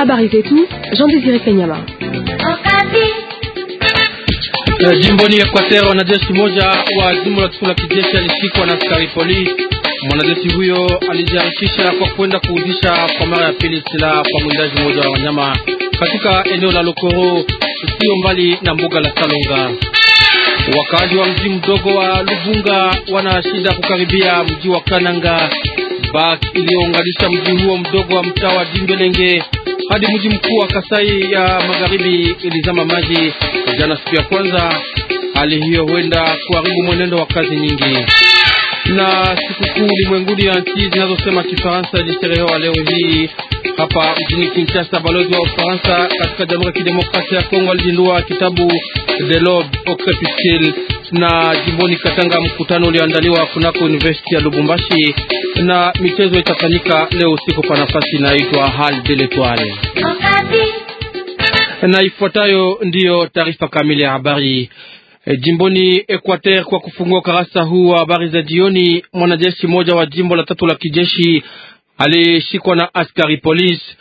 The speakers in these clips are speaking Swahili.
Habari zetu Jean Desire Kanyama. Jimboni Equateur, wanajeshi moja wa jimbo la tukio kijeshi alishikwa na askari polisi. Mwanajeshi huyo alijiharikisha kwa kwenda kuuzisha kwa mara ya pili silaha kwa mwindaji mmoja wa wanyama katika eneo la Lokoro, sio mbali na mbuga la Salonga. Wakaaji wa mji mdogo wa Lubunga wana shida kukaribia mji wa Kananga, bak iliyounganisha mji huo mdogo wa mtaa wa Dimbelenge hadi mji mkuu wa Kasai ya Magharibi ilizama maji jana siku ya kwanza. Hali hiyo huenda kuharibu mwenendo wa kazi nyingi. Na sikukuu ulimwenguni ya nchi zinazosema Kifaransa ilisherehewa leo hii hapa mjini Kinshasa. Balozi wa Ufaransa katika Jamhuri ya Kidemokrasia ya Kongo alizindua kitabu The l'aube au crépuscule na jimboni Katanga, mkutano ulioandaliwa kunako University ya Lubumbashi, na michezo itafanyika leo usiku kwa nafasi inayoitwa Hal de l'Etoile. Na ifuatayo ndiyo taarifa kamili ya habari. E, jimboni Equateur kwa kufungua ukarasa huu wa habari za jioni, mwanajeshi mmoja wa jimbo la tatu la kijeshi alishikwa na askari polisi.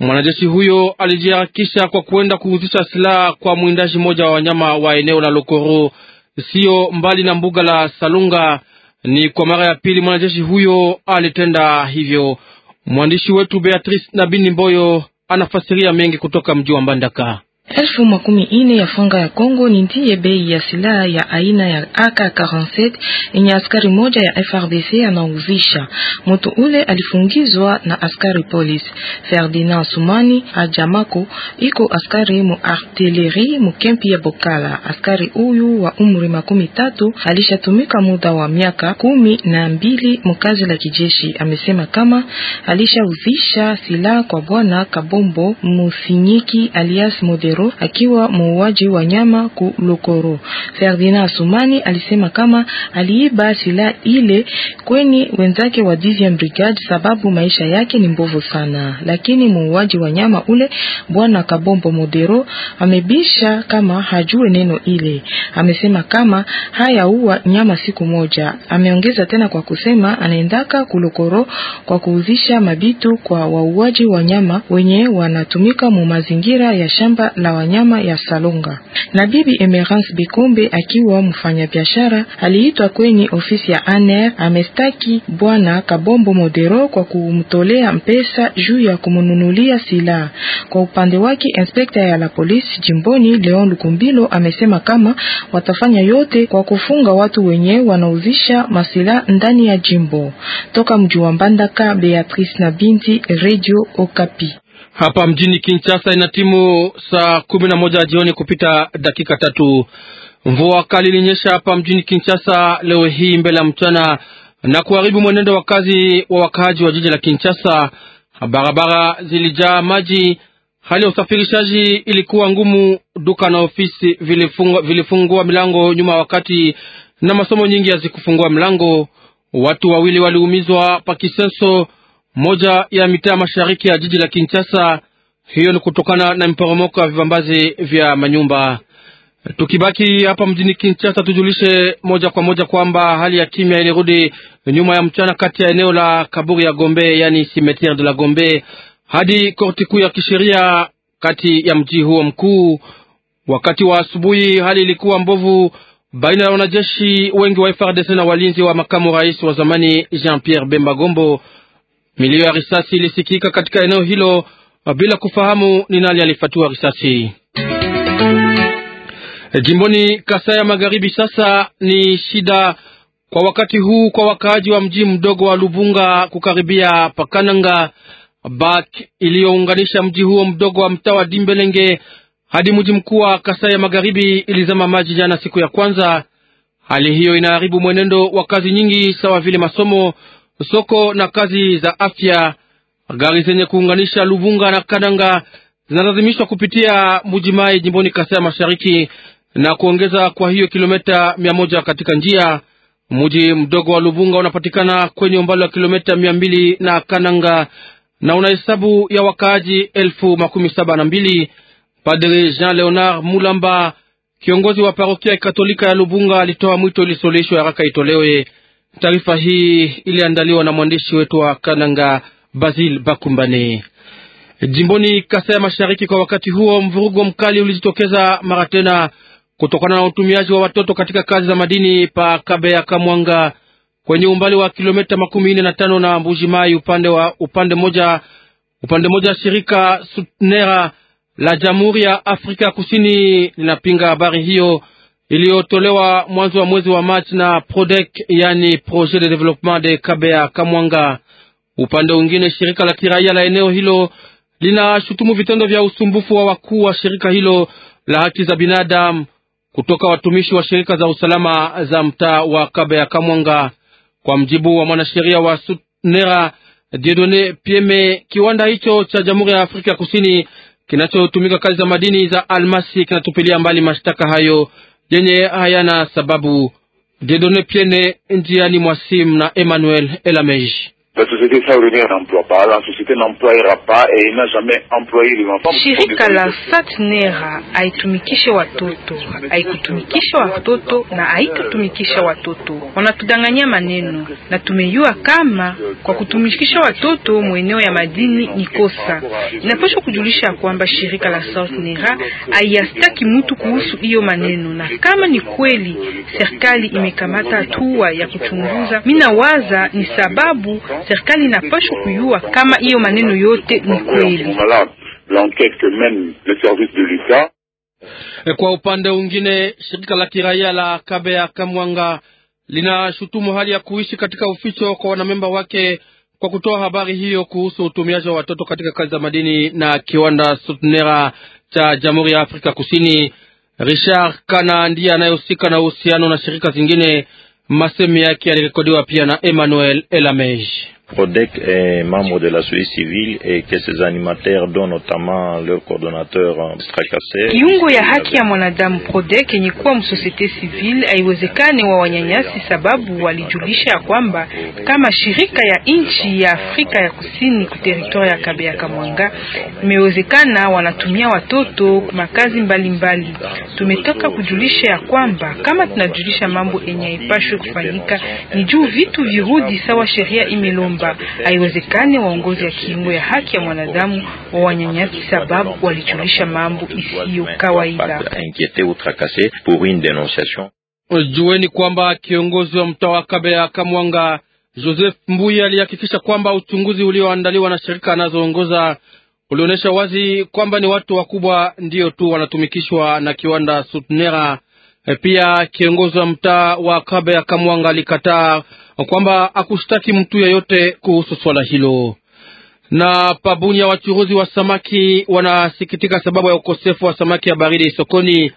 Mwanajeshi huyo alijiharakisha kwa kuenda kuhuzisha silaha kwa mwindaji mmoja wa wanyama wa eneo la Lokoro siyo mbali na mbuga la Salunga. Ni kwa mara ya pili mwanajeshi huyo alitenda hivyo. Mwandishi wetu Beatrice Nabini Mboyo anafasiria mengi kutoka mji wa Mbandaka. Elfu makumi ine ya franga ya Kongo ni ndiye bei ya silaha ya aina ya AK47 yenye askari moja ya FRDC anauzisha. Moto ule alifungizwa na askari polisi. Ferdinand Sumani Ajamako iko askari mu artillerie mu kempi ya Bokala. Askari huyu wa umri makumi tatu alishatumika muda wa miaka kumi na mbili mkazi la kijeshi. Amesema kama alishauzisha silaha kwa bwana Kabombo Musinyiki alias Mode Lubero akiwa muuaji wa nyama ku Lokoro. Ferdinand Sumani alisema kama aliiba sila ile kweni wenzake wa Division Brigade sababu maisha yake ni mbovu sana, lakini muuaji wa nyama ule bwana Kabombo Modero amebisha kama hajue neno ile. Amesema kama haya uwa nyama siku moja. Ameongeza tena kwa kusema anaendaka kulokoro kwa kuuzisha mabitu kwa wauaji wa nyama wenye wanatumika mu mazingira ya shamba la wanyama ya Salunga. Na bibi Emerance Bikombe akiwa mfanyabiashara aliitwa kwenye ofisi ya ANR, amestaki bwana Kabombo Modero kwa kumtolea mpesa juu ya kumnunulia silaha. Kwa upande wake, inspekta ya la polisi jimboni Leon Lukumbilo amesema kama watafanya yote kwa kufunga watu wenye wanauzisha masila ndani ya jimbo. Toka mji wa Mbandaka, Beatrice na binti, Radio Okapi hapa mjini Kinshasa. timu saa kumi na moja jioni kupita dakika tatu. Mvua kali ilinyesha hapa mjini Kinshasa leo hii mbele ya mchana na kuharibu mwenendo wa kazi wa wakaaji wa jiji la Kinshasa. Barabara zilijaa maji, hali ya usafirishaji ilikuwa ngumu. Duka na ofisi vilifungua, vilifungua milango nyuma wakati, na masomo nyingi hazikufungua mlango. Watu wawili waliumizwa pakisenso moja ya mitaa mashariki ya jiji la Kinshasa. Hiyo ni kutokana na mporomoko wa vibambazi vya manyumba. Tukibaki hapa mjini Kinshasa, tujulishe moja kwa moja kwamba hali ya kimya ilirudi nyuma ya mchana kati ya eneo la kaburi ya Gombe, yani cimetiere de la Gombe, hadi korti kuu ya kisheria kati ya mji huo mkuu. Wakati wa asubuhi, hali ilikuwa mbovu baina ya wanajeshi wengi wa FRDC na walinzi wa makamu rais wa zamani Jean Pierre Bemba Gombo. Milio ya risasi ilisikika katika eneo hilo bila kufahamu ni nani alifatua risasi. Jimboni Kasai ya Magharibi sasa ni shida kwa wakati huu kwa wakaaji wa mji mdogo wa Lubunga kukaribia Pakananga bak iliyounganisha mji huo mdogo wa mtaa wa Dimbelenge hadi mji mkuu wa Kasai ya Magharibi ilizama maji jana siku ya kwanza. Hali hiyo inaharibu mwenendo wa kazi nyingi sawa vile masomo, soko na kazi za afya. Gari zenye kuunganisha Lubunga na Kananga zinalazimishwa kupitia Mujimai jimboni Kasai Mashariki na kuongeza kwa hiyo kilomita mia moja katika njia. Mji mdogo wa Lubunga unapatikana kwenye umbali wa kilomita mia mbili na Kananga na una hesabu ya wakaaji elfu makumi saba na mbili. Padre Jean Leonard Mulamba, kiongozi wa parokia ya Katolika ya Lubunga, alitoa mwito ili suluhisho haraka itolewe Taarifa hii iliandaliwa na mwandishi wetu wa Kananga, Basil Bakumbane. Jimboni Kasai Mashariki, kwa wakati huo mvurugo mkali ulijitokeza mara tena kutokana na utumiaji wa watoto katika kazi za madini pa Kabeya Kamwanga, kwenye umbali wa kilomita makumi nne na tano na Mbuji Mai, upande wa upande moja upande moja. Shirika SUTNERA la Jamhuri ya Afrika Kusini linapinga habari hiyo iliyotolewa mwanzo wa mwezi wa Machi na Prodec, yani Projet de Developpement de Kabea Kamwanga. Upande mwingine, shirika la kiraia la eneo hilo linashutumu vitendo vya usumbufu wa wakuu wa shirika hilo la haki za binadamu kutoka watumishi wa shirika za usalama za mtaa wa Kabea Kamwanga. Kwa mjibu wa mwanasheria wa Sunera Diedone Pieme, kiwanda hicho cha Jamhuri ya Afrika ya Kusini kinachotumika kazi za madini za almasi kinatupilia mbali mashtaka hayo yenye hayana sababu. Dedone Piene njiani mwa simu na Emmanuel Elameji. La société saoudien n'emploie pas, la société n'employera pas et n'a jamais employé les enfants. Shirika la Satnera haitumikishe watoto, haikutumikisha watoto na haitatumikisha watoto. Wanatudanganyia maneno na tumejua kama kwa kutumikisha watoto mweneo ya madini ni kosa. Inapaswa kujulisha kwamba shirika la Satnera haiyastaki mutu kuhusu hiyo maneno, na kama ni kweli serikali imekamata hatua ya kuchunguza, waza ni sababu serikali inapashwa kuyua kama hiyo maneno yote ni kweli. Eh, kwa upande mwingine, shirika la kiraia la Kabea Kamwanga linashutumu hali ya kuishi katika uficho kwa wanamemba wake kwa kutoa habari hiyo kuhusu utumiaji wa watoto katika kazi za madini na kiwanda Sutnera cha Jamhuri ya Afrika Kusini. Richard Kana ndiye anayehusika na uhusiano na shirika zingine Masemi yake yalirekodiwa pia na Emmanuel Elamej. PRODEC est membre de la société civile et que ses animateurs dont notamment leur coordonnateur euh, Strakasse. Kiungo ya haki ya mwanadamu PRODEC yenye kuwa msosiete civile aiwezekane wa wanyanyasi, sababu walijulisha ya kwamba kama shirika ya nchi ya Afrika ya Kusini ya Kabe ya Kabea Kamwanga, imewezekana wanatumia watoto makazi mbalimbali mbali. Tumetoka kujulisha ya kwamba kama tunajulisha mambo yenye haipashwe kufanyika, ni juu vitu virudi sawa sheria imelomba kwamba haiwezekani waongozi ya kiungo ya haki ya mwanadamu wa wanyanyasi sababu walichulisha mambo isiyo kawaida. Jueni kwamba kiongozi wa mtaa wa Kabea Kamwanga Joseph Mbuyi alihakikisha kwamba uchunguzi ulioandaliwa na shirika anazoongoza ulionyesha wazi kwamba ni watu wakubwa ndio tu wanatumikishwa na kiwanda Sutnera. Pia kiongozi wa mtaa wa Kabea Kamwanga alikataa kwamba akushtaki mtu yeyote kuhusu swala hilo. Na pabunya wachuruzi wa samaki wanasikitika sababu ya ukosefu wa samaki ya baridi sokoni.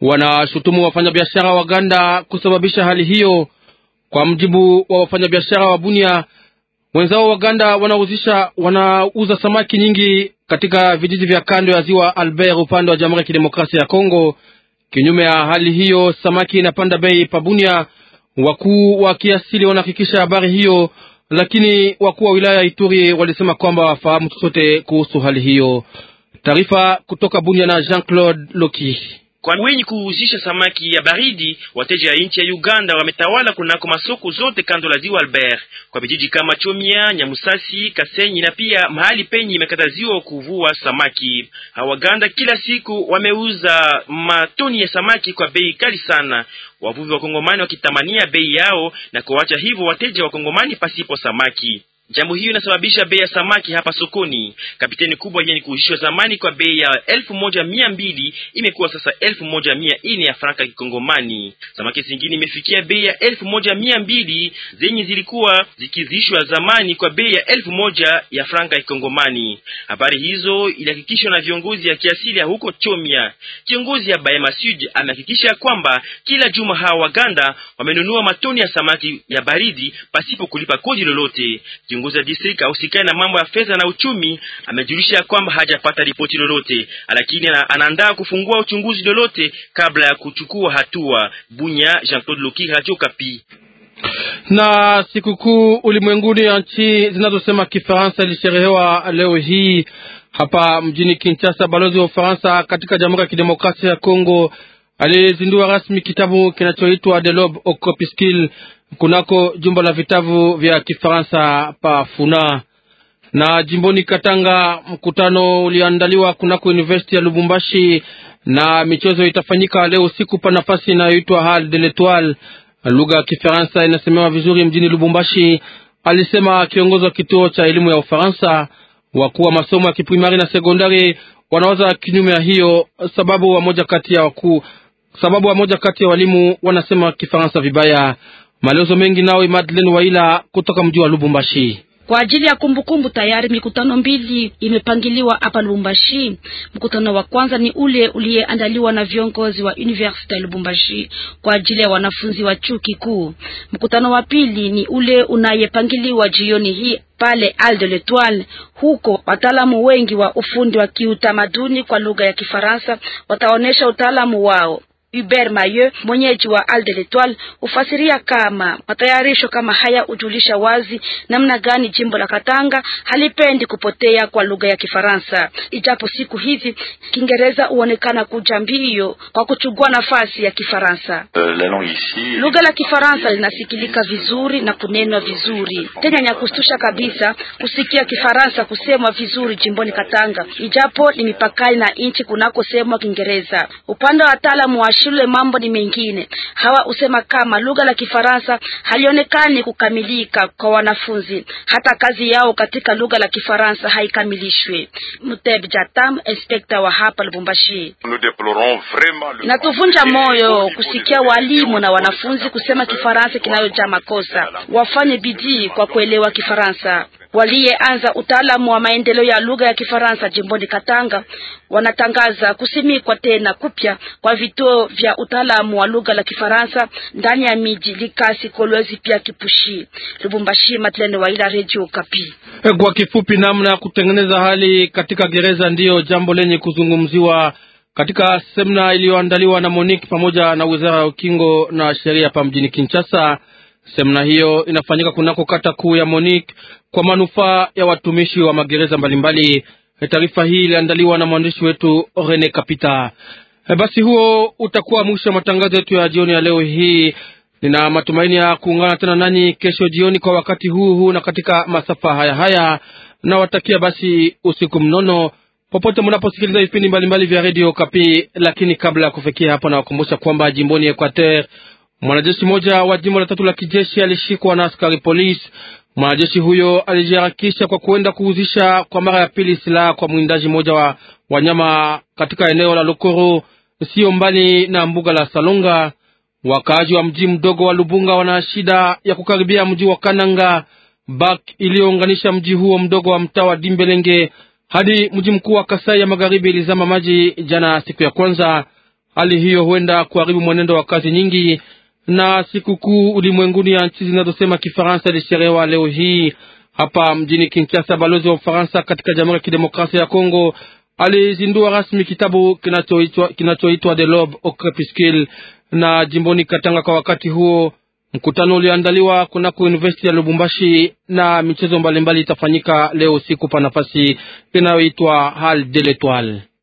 Wanashutumu wafanyabiashara Waganda kusababisha hali hiyo. Kwa mjibu wa wafanyabiashara wa Bunia, wenzao Waganda wanauzisha wanauza samaki nyingi katika vijiji vya kando ya ziwa Albert upande wa Jamhuri ya Kidemokrasia ya Kongo. Kinyume ya hali hiyo, samaki inapanda bei pabunia Wakuu wa kiasili wanahakikisha habari hiyo, lakini wakuu wa wilaya ya Ituri walisema kwamba wafahamu chochote kuhusu hali hiyo. Taarifa kutoka Bunia na Jean-Claude Loki. Kwa wenye kuuzisha samaki ya baridi, wateja ya nchi ya Uganda wametawala kunako masoko zote kando la ziwa Albert, kwa vijiji kama Chomia, Nyamusasi, Kasenyi na pia mahali penye imekataziwa kuvua samaki. Hawaganda kila siku wameuza matoni ya samaki kwa bei kali sana. Wavuvi wakongomani wakitamania bei yao na kuwacha hivyo wateja wakongomani pasipo samaki. Jambo hiyo inasababisha bei ya samaki hapa sokoni. Kapiteni kubwa yenye kuishiwa zamani kwa bei ya elfu moja mia mbili imekuwa sasa elfu moja mia ine ya franka kikongomani. Samaki zingine imefikia bei ya elfu moja mia mbili zenye zilikuwa zikizishwa zamani kwa bei ya elfu moja ya franka kikongomani. Habari hizo ilihakikishwa na viongozi ya kiasili ya huko Chomia. Kiongozi ya Bahema Sud ya kwamba kila juma hawa Waganda wamenunua matoni ya samaki ya baridi pasipo kulipa kodi lolote. Kiongozi wa district ahusikaye na mambo ya fedha na uchumi amejulisha kwamba hajapata ripoti lolote, lakini anaandaa kufungua uchunguzi lolote kabla ya kuchukua hatua. Bunya, Jean Claude Loki, Radio Kapi. Na sikukuu ulimwenguni ya nchi zinazosema Kifaransa ilisherehewa leo hii hapa mjini Kinshasa. Balozi wa Ufaransa katika Jamhuri ya Kidemokrasia ya Kongo alizindua rasmi kitabu kinachoitwa The Okopiskil kunako jumba la vitabu vya Kifaransa pa Funa. Na jimboni Katanga, mkutano uliandaliwa kunako university ya Lubumbashi na michezo itafanyika leo usiku pa nafasi inayoitwa Hall de l'Etoile. Lugha ya Kifaransa inasemewa vizuri mjini Lubumbashi, alisema kiongozi wa kituo cha elimu ya Ufaransa. Wakuu wa masomo ya kiprimari na sekondari wanawaza kinyume ya hiyo sababu, wa moja kati ya wakuu sababu wa moja kati ya walimu wanasema Kifaransa vibaya. Maelezo mengi nawe Madeleine Waila kutoka mji wa Lubumbashi. Kwa ajili ya kumbukumbu tayari mikutano mbili imepangiliwa hapa Lubumbashi. Mkutano wa kwanza ni ule uliyeandaliwa na viongozi wa University ya Lubumbashi kwa ajili ya wanafunzi wa chuo kikuu. Mkutano wa pili ni ule unayepangiliwa jioni hii pale Al de l'Etoile. Huko wataalamu wengi wa ufundi wa kiutamaduni kwa lugha ya Kifaransa wataonyesha utaalamu wao. Hubert Maye, mwenyeji wa Alde Letoile, hufasiria kama matayarisho kama haya hujulisha wazi namna gani jimbo la Katanga halipendi kupotea kwa lugha ya Kifaransa, ijapo siku hizi Kiingereza huonekana kuja mbio kwa kuchukua nafasi ya Kifaransa. Euh, lugha la Kifaransa linasikilika vizuri na kunenwa vizuri, tena ni kustusha kabisa kusikia Kifaransa kusemwa vizuri jimboni Katanga, ijapo ni mipakani na nchi kunakosemwa Kiingereza. Upande wa wataalamu wa shule mambo ni mengine. Hawa usema kama lugha la Kifaransa halionekani kukamilika kwa wanafunzi, hata kazi yao katika lugha la Kifaransa haikamilishwe. mteb Jatam, inspekta wa hapa Lubumbashi: natuvunja moyo kusikia walimu na wanafunzi kusema Kifaransa kinayojaa makosa. Wafanye bidii kwa kuelewa Kifaransa waliyeanza utaalamu wa maendeleo ya lugha ya Kifaransa jimboni Katanga wanatangaza kusimikwa tena kupya kwa vituo vya utaalamu wa lugha la Kifaransa ndani ya miji Likasi, Kolwezi pia Kipushi, Lubumbashi. Matlene Waila, Radio Kapi. Eh, kwa kifupi, namna ya kutengeneza hali katika gereza ndiyo jambo lenye kuzungumziwa katika semna iliyoandaliwa na Monique pamoja na wizara ya ukingo na sheria hapa mjini Kinshasa. Semina hiyo inafanyika kunako kata kuu ya Monique kwa manufaa ya watumishi wa magereza mbalimbali. Taarifa hii iliandaliwa na mwandishi wetu Rene Kapita. E, Basi huo utakuwa mwisho wa matangazo yetu ya jioni ya leo hii. Nina matumaini ya kuungana tena nanyi kesho jioni kwa wakati huu huu na katika masafa haya haya. Nawatakia basi usiku mnono popote mnaposikiliza vipindi mbalimbali vya redio Kapi. Lakini kabla ya kufikia hapo, nawakumbusha kwamba jimboni Equateur Mwanajeshi mmoja wa jimbo la tatu la kijeshi alishikwa na askari polisi. Mwanajeshi huyo alijiharakisha kwa kuenda kuuzisha kwa mara ya pili silaha kwa mwindaji mmoja wa wanyama katika eneo la Lukuru, sio mbali na mbuga la Salonga. Wakaaji wa mji mdogo wa Lubunga wana shida ya kukaribia mji wa Kananga bak iliyounganisha mji huo mdogo wa mtaa wa Dimbelenge hadi mji mkuu wa Kasai ya Magharibi ilizama maji jana siku ya kwanza. Hali hiyo huenda kuharibu mwenendo wa kazi nyingi na sikukuu ulimwenguni ya nchi zinazosema Kifaransa ilisherewa leo hii hapa mjini Kinshasa. Balozi wa Ufaransa katika Jamhuri ya Kidemokrasia ya Kongo alizindua rasmi kitabu kinachoitwa kinachoitwa The Lobe au Crepuscule na jimboni Katanga. Kwa wakati huo mkutano ulioandaliwa kunako University ya Lubumbashi na michezo mbalimbali itafanyika leo usiku pa nafasi inayoitwa Hall de l'Etoile.